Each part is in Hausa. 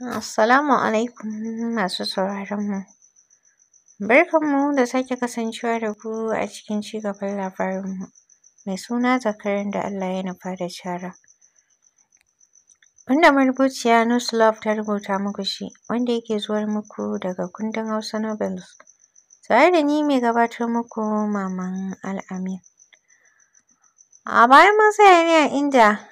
Assalamu alaikum masu sauraron mu. Barkan mu da sake kasancewa da ku a cikin cigaban labarin mu mai suna zakaran da Allah ya nufa da cara. Wanda marubuciya Nuslof ta rubuta muku shi wanda yake zuwar muku daga kundin Hausa Novels. Tare da ni mai gabatar muku Maman Al'amin. A baya mun tsaya ne a inda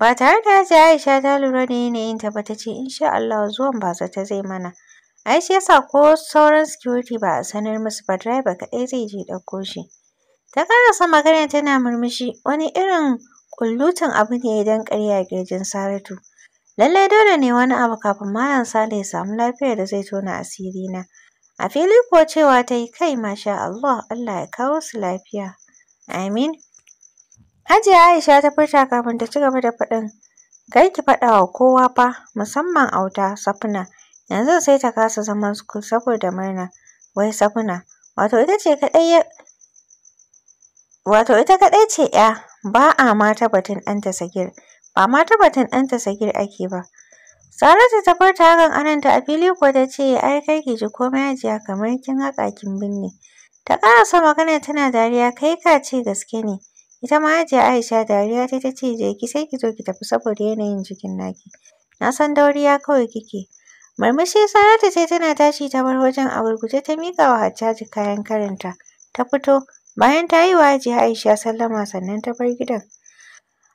Ba tare da Hajiya Aisha ta lura da yanayinta ba ta ce insha Allah zuwan ba ta zai mana. Ai shi yasa ko sauran security ba a sanar musu ba driver kaɗai zai je ɗauko shi. Ta ƙarasa magana tana murmushi wani irin ƙullutan abu ne idan ƙarya ƙirjin Saratu. Lallai dole ne wani abu kafin Malam Sale ya samu lafiyar da zai tona asiri na. A fili kuwa cewa ta yi kai masha Allah Allah ya kawo su lafiya. Amin. Hajiya Aisha ta furta kafin ta ci gaba da faɗin. Kar ki faɗa wa kowa fa, musamman auta Safina. Yanzu sai ta kasa zaman sukul saboda murna. Wai Safina, wato ita ce kaɗai wato ita kaɗai ce ‘ya, ba a ma ta batun ɗanta Sagir. Ba ma ta batun ɗanta Sagir ake ba. Saratu ta furta hakan ananta a fili kuwa ta ce ai kar ki ji komai hajiya kamar kin haƙa kin binne. Ta ƙarasa magana tana dariya kai ka ce gaske ne. Ita ma Hajiya Aisha dariya ta ta ce je ki sai ki zo ki tafi saboda yanayin jikin naki. Na san dauriya kawai kike. Murmushi Saratu ce tana tashi ta bar wajen a gurguje ta miƙa wa Hajjaji kayan karinta. Ta fito bayan ta yi wa Hajiya Aisha sallama sannan ta bar gidan.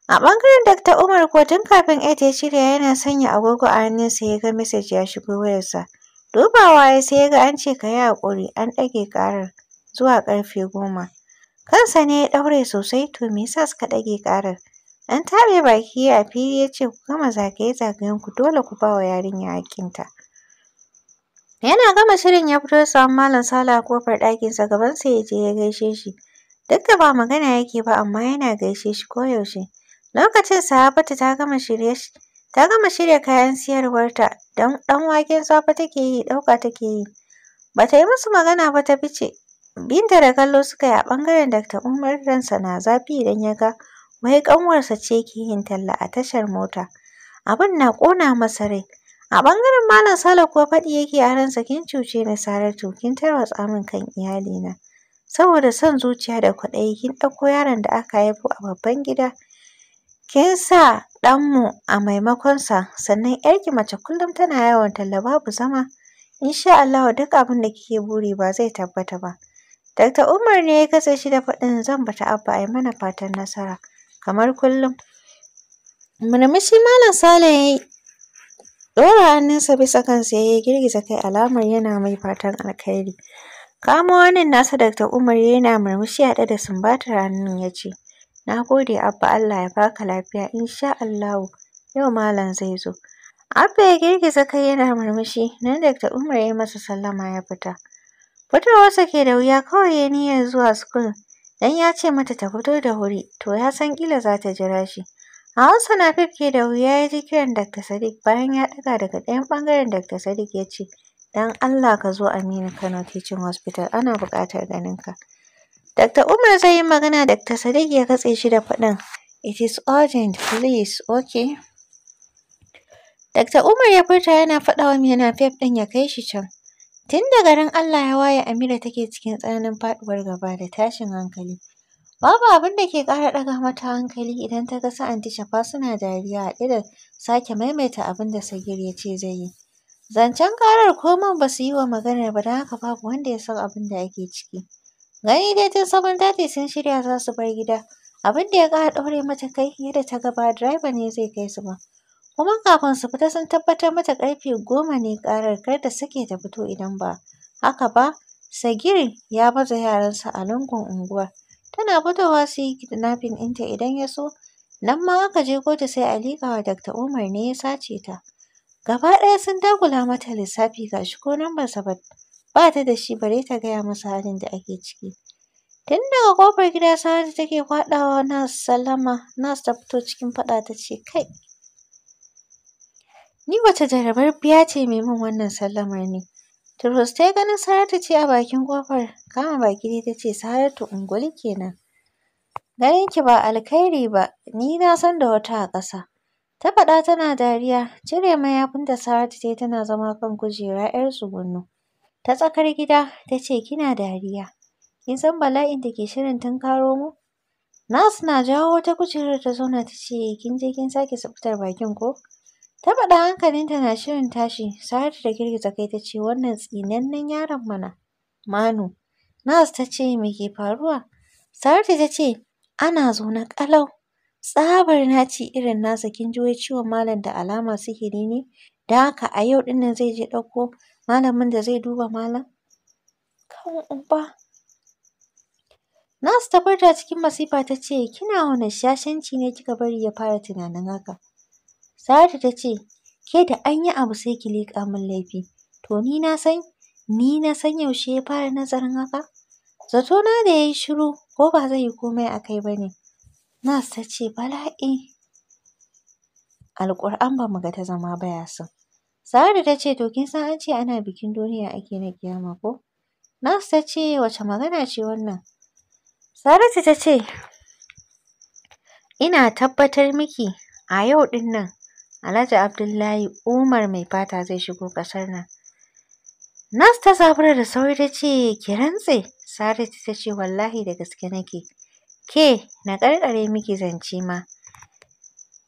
A ɓangaren Dakta Umar kotun tun kafin Ed ya shirya yana sanya agogo a hannunsa ya ga message ya shigo wayarsa. Dubawa ya sai ya ga an ce ka yi haƙuri an ɗage ƙarar zuwa ƙarfe goma. Kansa ne ya ɗaure sosai to me yasa suka ɗage ƙarar? an taɓe baki a fili ya ce ku gama zagaye-zagayen ku dole ku ba wa yarinya haƙƙinta. Yana gama shirin ya fito ya samu Malam Sale a ƙofar ɗakinsa gabansa ya je ya gaishe shi. Duk da ba magana yake ba amma yana gaishe shi koyaushe. Lokacin Sahabatu ta gama shirye ta gama shirya kayan siyarwarta don ɗan waken safe take yi ɗauka take yi. Ba ta yi musu magana ba ta fice Binta da kallo suka yi a ɓangaren Dr. Umar ransa na zafi idan ya ga wai ƙanwarsa ce ke yin talla a tashar mota. Abin na kona masa rai. A bangaren Malam Sale kuwa faɗi yake a ransa kin cuce ni Saratu kin tarwatsa min kan iyalina. Saboda son zuciya da kwaɗayi kin ɗauko yaron da aka haifo a babban gida kin sa ɗanmu a maimakonsa sannan 'yarki mace kullum tana yawan talla babu zama. Insha Allahu duk abin da kike buri ba zai tabbata ba. Dakta Umar ne ya katse shi da faɗin zan bata Abba a mana fatan nasara kamar kullum. Murmushi Malam Sale ya yi ɗora hannunsa bisa kansa ya yi girgiza kai alamar yana mai fatan alkhairi. Kamo wannan nasa Dakta Umar yana murmushi haɗe da sumbatar hannun ya ce na gode Abba Allah ya baka lafiya insha Allahu yau Malam zai zo. Abba ya girgiza kai yana murmushi nan Dakta Umar ya yi masa sallama ya fita. Fitowarsa ke da wuya kawai ya niyyar zuwa sukul don ya ce mata ta fito da wuri to ya san ƙila za ta jira shi. A Hausa na ke da wuya ya ji kiran Dr. Sadiq bayan ya ɗaga daga ɗayan ɓangaren Dr. Sadiq ya ce don Allah ka zo Aminu Kano Teaching Hospital ana buƙatar ganinka. Dr. Umar zai yi magana Dr. Sadiq ya katse shi da faɗin it is urgent please okay. Dr. Umar ya furta yana faɗa wa mai ɗin ya kai shi can. Tun da garin Allah ya waye Amira take cikin tsananin faɗuwar gaba da tashin hankali. Babu abin da ke ƙara ɗaga mata hankali idan ta ga su anti Shafa suna dariya haɗe da sake maimaita abin da Sagir ya ce zai yi. Zancen ƙarar komai ba su yi wa maganar ba don haka babu wanda ya san abin da ake ciki. Gani dai tun sabon tati sun shirya za su bar gida. Abin da ya ƙara ɗaure mata kai yadda ta ga ba direba ne zai kai su ba. kuma kafin su fita sun tabbatar mata ƙarfe goma ne ƙarar kar da suke ta fito idan ba haka ba sagiri ya baza yaransa a lungun unguwa. tana fitowa su yi kidnapping ɗinta idan ya so nan ma aka je kotu sai a liƙawa Dr. Umar ne ya sace ta gaba ɗaya sun dagula mata lissafi gashi ko nan ba ba ta da shi bare ta gaya masa halin da ake ciki tun daga ƙofar gida Saratu take kwaɗawa nas sallama nas ta fito cikin faɗa ta ce kai Ni wace jarabar biya ce mai min wannan sallamar ne? Turus ta yi ganin Saratu ce a bakin kofar. kama baki dai ta ce Saratu ungulu kenan. Ganin ki ba alkhairi ba, ni na san da wata a ƙasa. Ta faɗa tana dariya, cire mayafin da Saratu ta tana zama kan kujera 'yar tsugunno. Ta tsakar gida ta ce kina dariya, kin san bala'in da ke shirin tunkaro mu? Nas na jawo wata kujerar ta zauna ta ce eh, kin je kin sake tsaftar bakin ko? Ta faɗa ta na shirin tashi, Saratu da girgiza kai ta ce wannan tsinannen yaron mana. Manu, Nas ta ce me ke faruwa? Saratu ta ce ana zo na ƙalau. Tsabar na naci irin nasa kin ji wai ciwon malam da alama sihiri ne? Da haka a yau ɗin nan zai je ɗauko malamin da zai duba malam? Kan uba. Nas ta furta cikin masifa ta ce kina wane shashanci ne kika bari ya fara tunanin haka? Saratu ta ce, ke da an yi abu sai ki liƙa min laifi. To ni na san, ni na san yaushe ya fara nazarin haka? Zato na da ya yi shiru ko ba zai yi komai a kai ba ne. Nas ta ce, bala'i. Alƙur'an ba mu ga ta zama ba ya son. Saratu ta ce, to kin san an ce ana bikin duniya ake na kiyama ko? Nas ta ce, wace magana ce wannan? Saratu ta ce, ina tabbatar miki a yau ɗin nan Alhaji Abdullahi Umar mai fata zai shigo kasar nan. Nas ta zabura da sauri ta ce, ki rantse, Saratu ta ce wallahi da gaske nake. Ke, na ƙarƙare miki zance ma.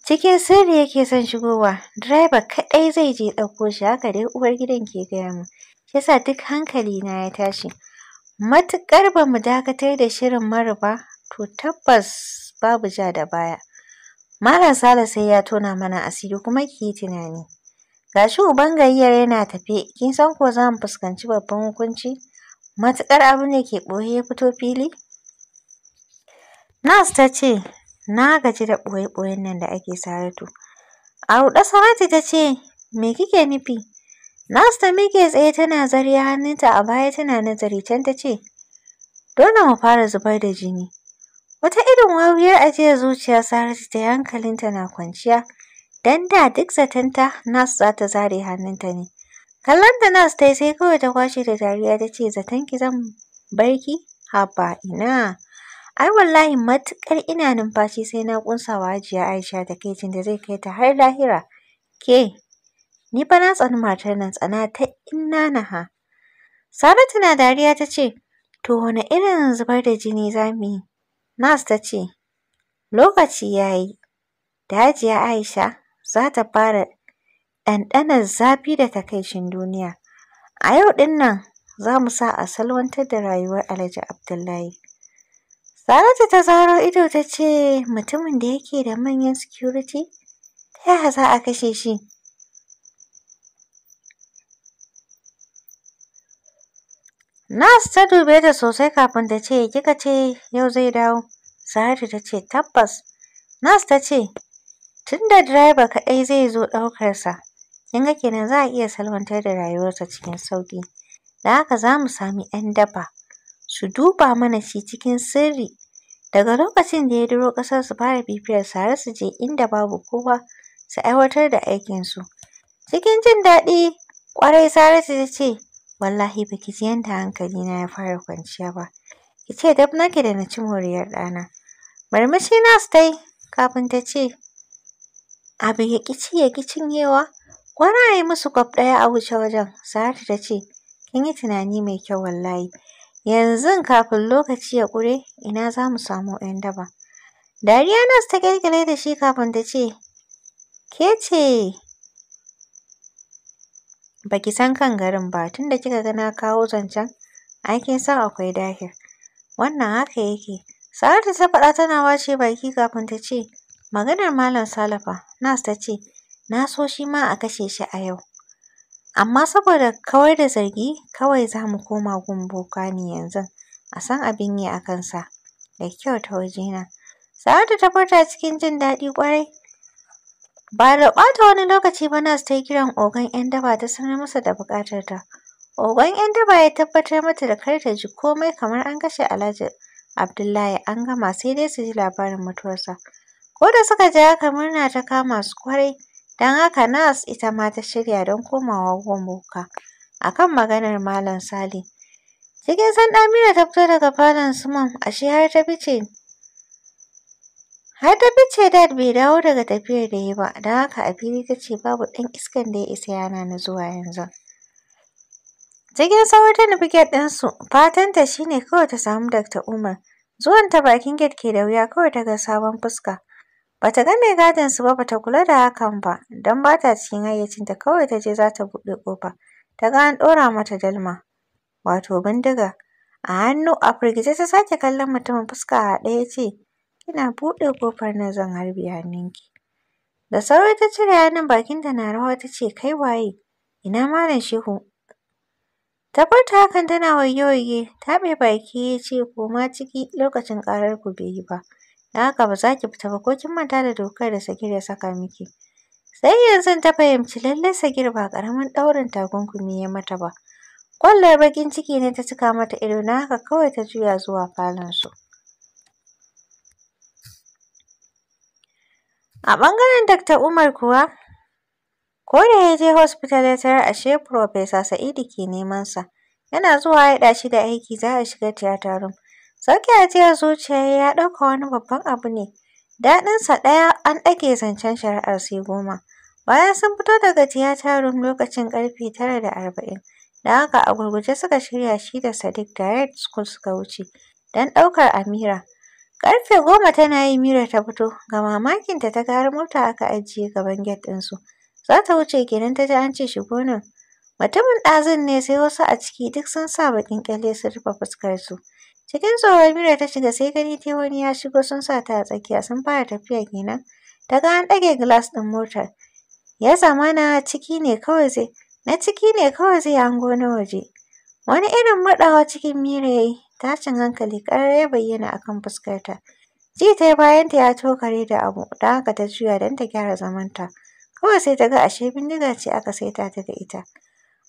Cikin sirri yake son shigowa, direba kaɗai zai je ɗauko shi haka dai uwar gidan ke gaya mu yasa duk hankali na ya tashi. Matuƙar ba mu dakatar da shirin maruba, to tabbas babu ja da baya. Malam Sale sai ya tona mana asiri kuma ki yi tunani. Gashi uban gayyar yana tafe, kin san ko za mu fuskanci babban hukunci? Matuƙar abu ne ke ɓoye ya fito fili? Nas ta ce, na gaji da ɓoye-ɓoyen nan da ake Saratu. A ruɗe Saratu ta ce, me kike nufi? Nas ta miƙe tsaye tana zariya hannunta a baya tana nazari can ta ce, dole mu fara zubar da jini. Wata irin wariyar ajiyar zuciya Saratu ta hankalinta na kwanciya, don da duk zatanta Nas za ta zare hannunta ne. Kallon da Nas ta yi sai kawai ta kwashe da dariya ta ce zaton ki zan bar Haba ina. Ai wallahi matuƙar ina numfashi sai na ƙunsa wa hajiya Aisha da kai da zai kai ta har lahira. Ke, ni fa na tsani matar nan tsana ta ina na ha. Saratu na dariya ta ce, to wane irin zubar da jini za mu yi? Nas ta ce, lokaci ya yi da Hajiya Aisha za ta fara ɗanɗanar zafi da takaicin duniya. A yau ɗin nan za mu sa a salwantar da rayuwar Alhaji Abdullahi. Saratu ta zaro ido ta ce, mutumin da yake da manyan security, ta yaya za a kashe shi? Nas ta dube ta sosai kafin ta ce kika ce yau zai dawo. Saratu ta ce tabbas. Nas ta ce tunda direba kaɗai zai zo ɗaukarsa kin ga kenan za a iya salwantar da rayuwarsa cikin sauƙi. Da haka za mu sami 'yan daba su duba mana shi cikin sirri. Daga lokacin da ya duro ƙasar su fara bibiyar Sare su je inda babu kowa su aiwatar da aikinsu. Cikin jin daɗi ƙwarai Saratu ta ce Wallahi baki ji yanda hankali na ya fara kwanciya ba. Ki ce dab nake da na ci moriyar ɗana. Marmashi nas ta yi kafin ta ce, abu ya ƙi ci ya ƙi cinyewa. Gwara ayi musu kwaf ɗaya a wuce wajen. Saratu ta ce, kin yi tunani mai kyau wallahi. Yanzu kafin lokaci ya ƙure, ina za mu samu 'yan daba. Dariya nas ta ƙyalƙyale da shi kafin ta ce, ke ce baki san kan garin ba tunda kika ga na kawo zancen ai kin san akwai dahir wannan haka yake Saratu ta faɗa tana wace baki kafin ta ce maganar malam Salafa nas ta ce na so shi ma a kashe shi a yau amma saboda kawar da zargi kawai za mu koma gun boka ne yanzu a san abin yi a kansa da kyau ta wajena Saratu ta furta cikin jin daɗi kwarai. Ba da ɓata wani lokaci ba nas ta yi kiran ogan 'yan daba ta sanar masa da ta. Ogan 'yan daba ya tabbatar mata da kar ta ji komai kamar an kashe Alhaji Abdullahi an gama sai dai su ji labarin mutuwarsa. Ko da suka ji haka murna ta kama su kwarai, don haka Nas ita ma ta shirya don komawa Gomboka. A kan maganar Malam Sale. Cikin san Amira ta fito daga falon su ashe har ta fice Har ta fice dad bai dawo daga tafiyar da ya ba, don haka a fili ta ce babu ɗan iskan da ya isa yana na zuwa yanzu. Cikin sauri ta nufi gate ɗinsu, fatanta shi ne kawai ta samu Dr. Umar. Zuwan ta bakin gate ke da wuya kawai ta ga sabon fuska. Bata ga mai gadin su ba bata kula da hakan ba, don bata cikin hayyacinta kawai ta je za ta buɗe ƙofa. Ta ga an ɗora mata dalma, wato bindiga. A hannu a firgice ta sake kallon mutumin fuska a haɗe ya ce, kina buɗe kofar na zan harbe hannunki. Da sauri ta cire hannun bakinta na rawa ta ce kai waye? Ina Malam Shehu? Ta furta hakan tana waige ta ɓe baki ya ce koma ciki lokacin ƙarar ku bai yi ba. Don haka ba za ki fita ba ko kin manta da dokar da sakir ya saka miki. Sai yanzu ta fahimci lallai sakir ba ƙaramin ɗaurin takunkumi ya mata ba. kwallar bakin ciki ne ta cika mata ido na haka kawai ta juya zuwa falon su A ɓangaren Dr. Umar kuwa, ko da ya je hospital ya tarar ashe Professor Sa'idu ke neman sa. Yana zuwa ya shi da aiki za a shiga theater room. Sauke jiyar zuciya ya ɗauka wani babban abu ne. Daɗinsa ɗaya an ɗage zancen shari'ar sai goma. Bayan sun fito daga theater room lokacin ƙarfe tara da arba'in. Da haka a gurguje suka shirya shi da Sadiq Red school suka wuce don ɗaukar Amira. Ƙarfe goma tana yi Mira ta fito, ga mamakinta ta ga har mota aka ajiye gaban get ɗinsu. Za ta wuce gidan ta ji an ce shigo nan. Mutumin ɗazun ne sai wasu a ciki duk sun sa baƙin ƙyalle sun rufe fuskarsu. Cikin tsoron Mira ta shiga sai gani ta wani ya shigo sun sa ta a tsakiya sun fara tafiya kenan. Ta ga an ɗage gilas ɗin motar. Ya zamana ciki ne kawai zai na ciki ne kawai zai hango na waje. Wani irin murɗawa cikin Mira ya yi Tashin hankali ƙarar ya bayyana a kan fuskarta. Ji ta bayanta ya tokare da abu, da haka ta juya don ta gyara zamanta. Kawai sai ta ga ashe bindiga ce aka saita ta da ita.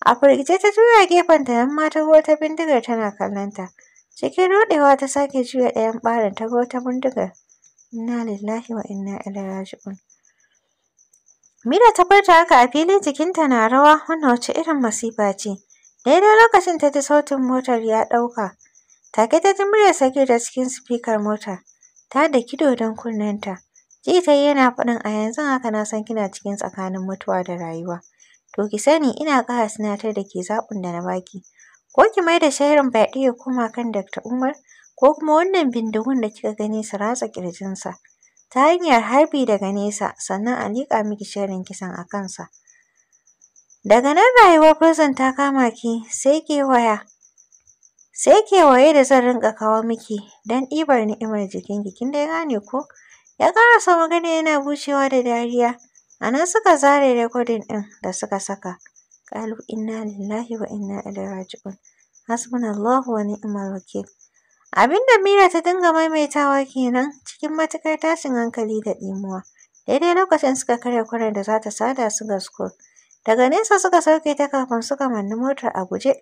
A firgice ta juya gefenta nan ma ta wata bindigar tana kallonta. Cikin ruɗewa ta sake juya ɗayan ɓarin ta ga wata bindigar. Inna lillahi wa inna ilaihi raji'un. Mira ta furta haka a filin jikinta na rawa wannan wace irin masifa ce. Daidai lokacin ta ji sautin motar ya ɗauka. Take ta ji sarki da cikin sifikar motar. Ta daki dodon ta. Ji ta yi yana faɗin a yanzu haka na san kina cikin tsakanin mutuwa da rayuwa. To ki sani ina ƙara sinatar da ke zaɓin da na baki. Ko ki mai da shaharin baɗi ya koma kan Dr. Umar ko kuma wannan bindigun da kika gani su ratsa ƙirjinsa. Ta hanyar harbi daga nesa sannan a liƙa miki shirin kisan a kansa. Daga nan rayuwar prison ta kama ki sai ke waya. sai kewaye da zan rinƙa kawo miki don ɗibar ni'imar jikin kin dai gane ko ya ƙarasa magana yana bushewa da dariya a nan suka zare rekodin ɗin da suka saka ƙalu inna lillahi wa inna ilaihi raji'un hasbunallahu wa ni'mal wakil abin da mira ta dinga maimaitawa kenan cikin matuƙar tashin hankali da ɗimuwa daidai lokacin suka karya kuren da za ta sada su ga daga nesa suka sauke ta kafin suka manni motar a guje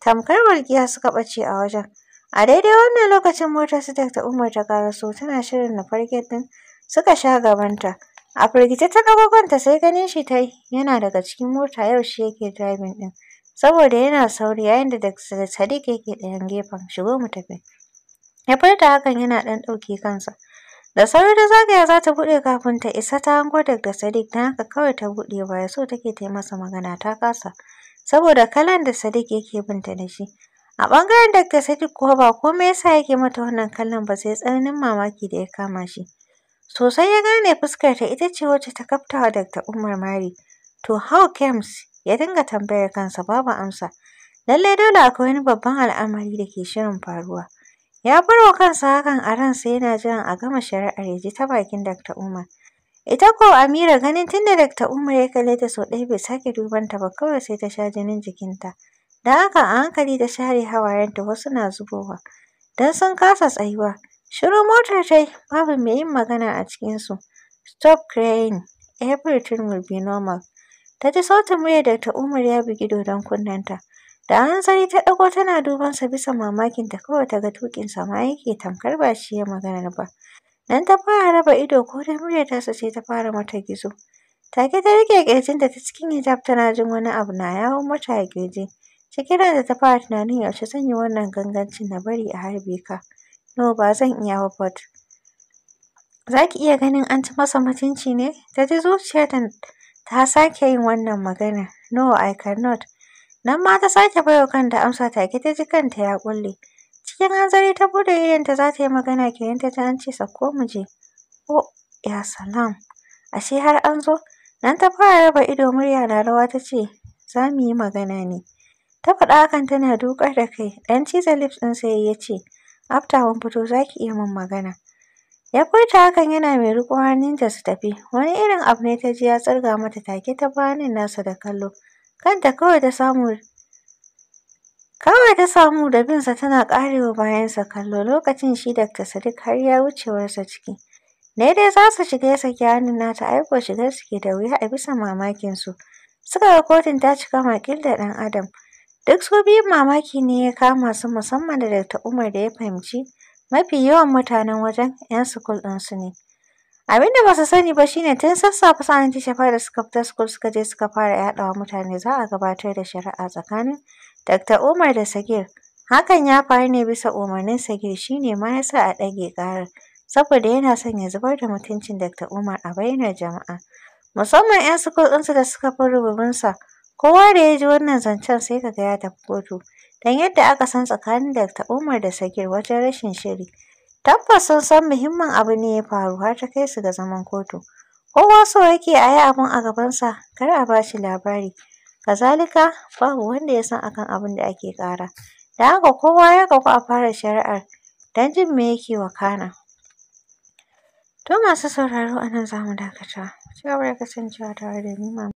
tamkar walƙiya suka ɓace a wajen. A daidai wannan lokacin motar Sitek ta Umar ta karaso tana shirin na farke ɗin suka sha gabanta. A firgice ta ɗago sai ganin shi ta yi yana daga cikin mota yau shi yake driving ɗin. Saboda yana sauri yayin da Dr. Sadiq yake ɗayan gefen shigo mu tafi. Ya furta hakan yana ɗan ɗauke kansa. Da sauri ta zagaya za ta buɗe kafin ta isa ta hango Dr. Sadiq don haka kawai ta buɗe baya so take ta yi masa magana ta kasa. saboda kalan da Sadiq yake binta da shi. A ɓangaren Dr. Sadiq kuwa ba komai yasa yake mata wannan kallon ba sai tsananin mamaki da ya kama shi. Sosai ya gane fuskar ta ita ce wacce ta kafta wa Dr. Umar Mari. To how comes? Ya dinga tambayar kansa babu amsa. Lallai dole akwai wani babban al'amari da ke shirin faruwa. Ya bar wa kansa hakan a ransa yana jiran a gama shari'ar ya ji ta bakin Dr. Umar. Ita ko Amira ganin tunda Dr. Umar ya kalle ta sau ɗaya bai sake duban ta ba kawai sai ta sha jinin jikinta. Da haka a hankali ta share hawayenta wasu na zubowa. Don sun kasa tsayuwa. Shiru motar ta yi babu mai yin magana a cikinsu. Stop crying. Everything will be normal. Ta ji sautin murya Dr. Umar ya bugi dodon kunnenta. Da hanzari ta ɗago tana dubansa bisa mamakinta kawai ta ga tuƙinsa ma yake tamkar ba shi ya maganar ba. Nan ta fara raba ido ko dai muryar tasa ce ta fara mata gizo. Take ta riƙe da ta cikin hijab tana jin wani abu na yawo mata a ƙirji. Cikin da ta fara tunanin yaushe zan yi wannan gangancin na bari a harbe ka. No ba zan iya ba but. Za ki iya ganin an ci masa mutunci ne? Ta ji zuciyarta ta sake yin wannan magana. No I cannot. Nan ma ta sake baiwa kanta amsa take ta ji kanta ya ƙulle. Cikin hanzari ta buɗe idonta za ta yi magana kenan ta ji an ce sauko mu je. Oh, ya salam. Ashe har an zo? Nan ta fara raba ido murya na rawa ta ce, za mu yi magana ne. Ta faɗa hakan tana dukar da kai, ɗan cizon lips ɗin sai ya ce, after mun fito za ki iya min magana. Ya furta hakan yana mai riƙo hannunta su tafi, wani irin abu ne ta ji ya tsirga mata take ta bayanin nasa da kallo. Kanta kawai ta samu Kawai ta samu da binsa tana ƙarewa bayansa kallo lokacin shi Dr. Sadiq har ya wucewarsa ciki. Ne dai za su shiga ya saki hannun nata aiko shigar suke da wuya a bisa mamakinsu. Suka ga kotun ta cika makil da ɗan Adam. Duk su biyun mamaki ne ya kama su musamman da Dr. Umar da ya fahimci mafi yawan mutanen wajen 'yan sukul ɗinsu ne. Abin da ba su sani ba shine tun sassafe sa'an tishafa da suka fita sukul suka je suka fara yaɗawa mutane za a gabatar da shari'a tsakanin Dr. Umar da Sagir. Hakan ya faru ne bisa umarnin Sagir shi ne ma ya sa a ɗage ƙarar saboda yana son ya zubar da mutuncin Dr. Umar a bainar jama'a. Musamman 'yan sukul su da suka fi rububinsa. Kowa da ya ji wannan zancen sai kaga ya tafi kotu. Don yadda aka san tsakanin Dr. Umar da Sagir wajen rashin shiri. Tabbas sun san muhimmin abu ne ya faru har ta kai su ga zaman kotu. Kowa so yake a yi abin a gabansa, kar a ba shi labari. Kazalika, babu wanda ya san akan abin da ake ƙara, da haka kowa ya kagu a fara shari'ar don jin me yake wakana. To masu sauraro a nan za mu dakata. cewa ci gaba da kasancewa tare da ni ma